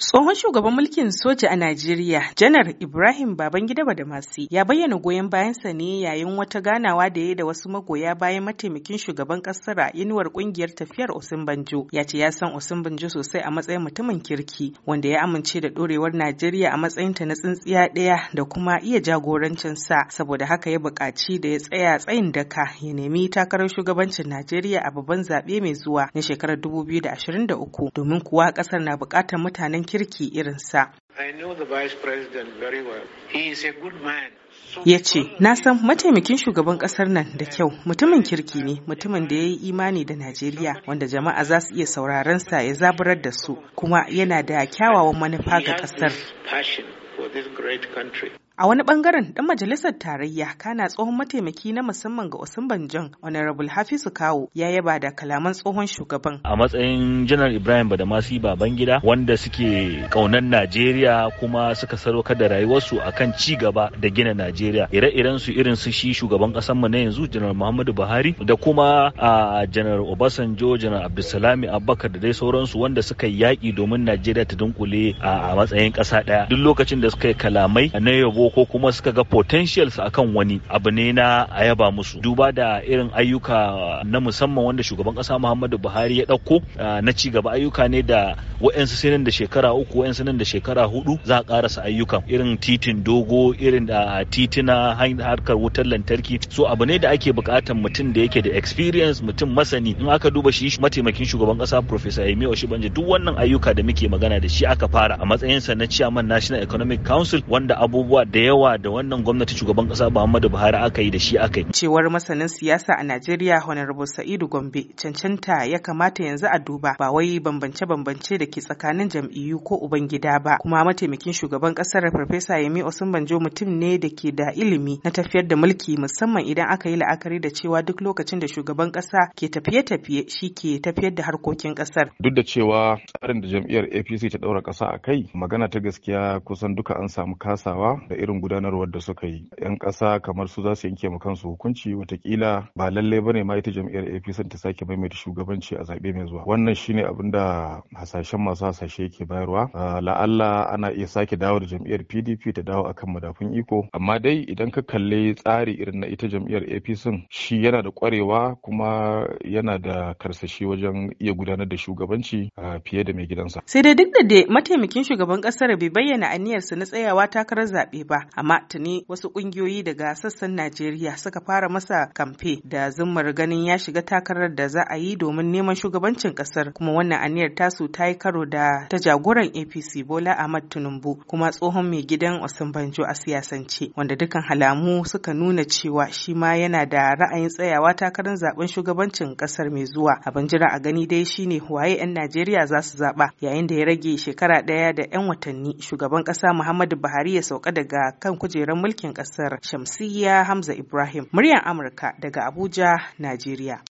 Tsohon shugaban mulkin soja a Najeriya, Janar Ibrahim Babangida Badamasi, ya bayyana goyon bayansa ne yayin wata ganawa da ya da wasu magoya bayan mataimakin shugaban kasar a inuwar kungiyar tafiyar Osinbanjo. Ya ce ya san Osinbanjo sosai a matsayin mutumin kirki, wanda ya amince da dorewar Najeriya a matsayin ta na tsintsiya ɗaya da kuma iya jagorancin sa, saboda haka ya buƙaci da ya tsaya tsayin daka ya nemi takarar shugabancin Najeriya a babban zaɓe mai zuwa na shekarar dubu biyu da da uku, domin kuwa ƙasar na buƙatar mutanen kirki irinsa. ya ce na san mataimakin shugaban kasar nan da kyau mutumin kirki ne mutumin da ya yi imani da najeriya wanda jama'a za su iya sauraron sa ya zaburar da su kuma yana da kyawawan manufa ga kasar A wani bangaren dan majalisar tarayya kana tsohon mataimaki na musamman ga Usman Banjan Honorable Hafizu Kawo ya yaba da kalaman tsohon shugaban. A matsayin Janar Ibrahim Badamasi gida wanda suke kaunar Najeriya kuma suka sadaukar da rayuwarsu akan ci gaba da gina Najeriya. Ire-iren su irin su shi shugaban kasar mu na yanzu Janar Muhammadu Buhari da kuma a Janar Obasanjo Janar Abdulsalami Abubakar da dai sauransu wanda suka yaki domin Najeriya ta dunkule a matsayin ƙasa ɗaya. Duk lokacin da suka yi kalamai na yabo ko kuma suka ga potentials akan wani abu ne na a yaba musu duba da irin ayyuka na musamman wanda shugaban kasa Muhammadu Buhari ya ɗauko na ci gaba ayyuka ne da wa'yansu sinin da shekara uku wa'yansu nan da shekara hudu za a karasa ayyukan irin titin dogo irin da titina harkar wutar lantarki so abu ne da ake bukatar mutum da yake da experience mutum masani in aka duba shi mataimakin shugaban kasa Professor Yemi Oshibanje duk wannan ayyuka da muke magana da shi aka fara a matsayinsa na chairman National Economic Council wanda abubuwa da da yawa da wannan gwamnati shugaban kasa Muhammadu Buhari aka yi da shi aka yi. Cewar masanin siyasa a Najeriya Honorable Sa'idu Gombe cancanta ya kamata yanzu a duba ba wai bambance-bambance da ke tsakanin jam'iyyu ko ubangida ba kuma mataimakin shugaban kasar Farfesa Yemi Osunbanjo mutum ne da ke da ilimi na tafiyar da mulki musamman idan aka yi la'akari da cewa duk lokacin da shugaban kasa ke tafiye-tafiye shi ke tafiyar da harkokin kasar. Duk da cewa tsarin da jam'iyyar APC ta daura kasa a kai magana ta gaskiya kusan duka an samu kasawa da irin irin gudanarwar da suka yi yan ƙasa kamar su za su yanke ma kansu hukunci watakila ba lallai ne ma ita jam'iyyar APC ta sake maimaita shugabanci a zaɓe mai zuwa wannan shine abin da hasashen masu hasashe ke bayarwa ah, la'alla ana iya sake dawo da jam'iyyar PDP ta dawo akan madafun iko amma dai idan ka kalli tsari irin na ita jam'iyyar APC shi yana da kwarewa kuma yana da karsashi wajen iya gudanar da shugabanci ah, fiye da mai gidansa sai dai duk da mataimakin shugaban kasar bai bayyana aniyarsa na tsayawa takarar zaɓe ba amma tuni wasu kungiyoyi daga sassan Najeriya suka fara masa kamfe da zummar ganin ya shiga takarar da za a yi domin neman shugabancin kasar kuma wannan aniyar tasu ta yi karo da ta jagoran APC Bola Ahmad Tinubu kuma tsohon mai gidan Banjo a siyasance wanda dukan halamu suka nuna cewa shi ma yana da ra'ayin tsayawa takarar zaben shugabancin kasar mai zuwa abin jira a gani dai shine waye 'yan Najeriya za su zaba yayin da ya rage shekara ɗaya da 'yan watanni shugaban ƙasa Muhammadu Buhari ya sauka daga daga kan kujerar mulkin ƙasar Shamsiyya Hamza Ibrahim, muryar Amurka daga Abuja, Najeriya.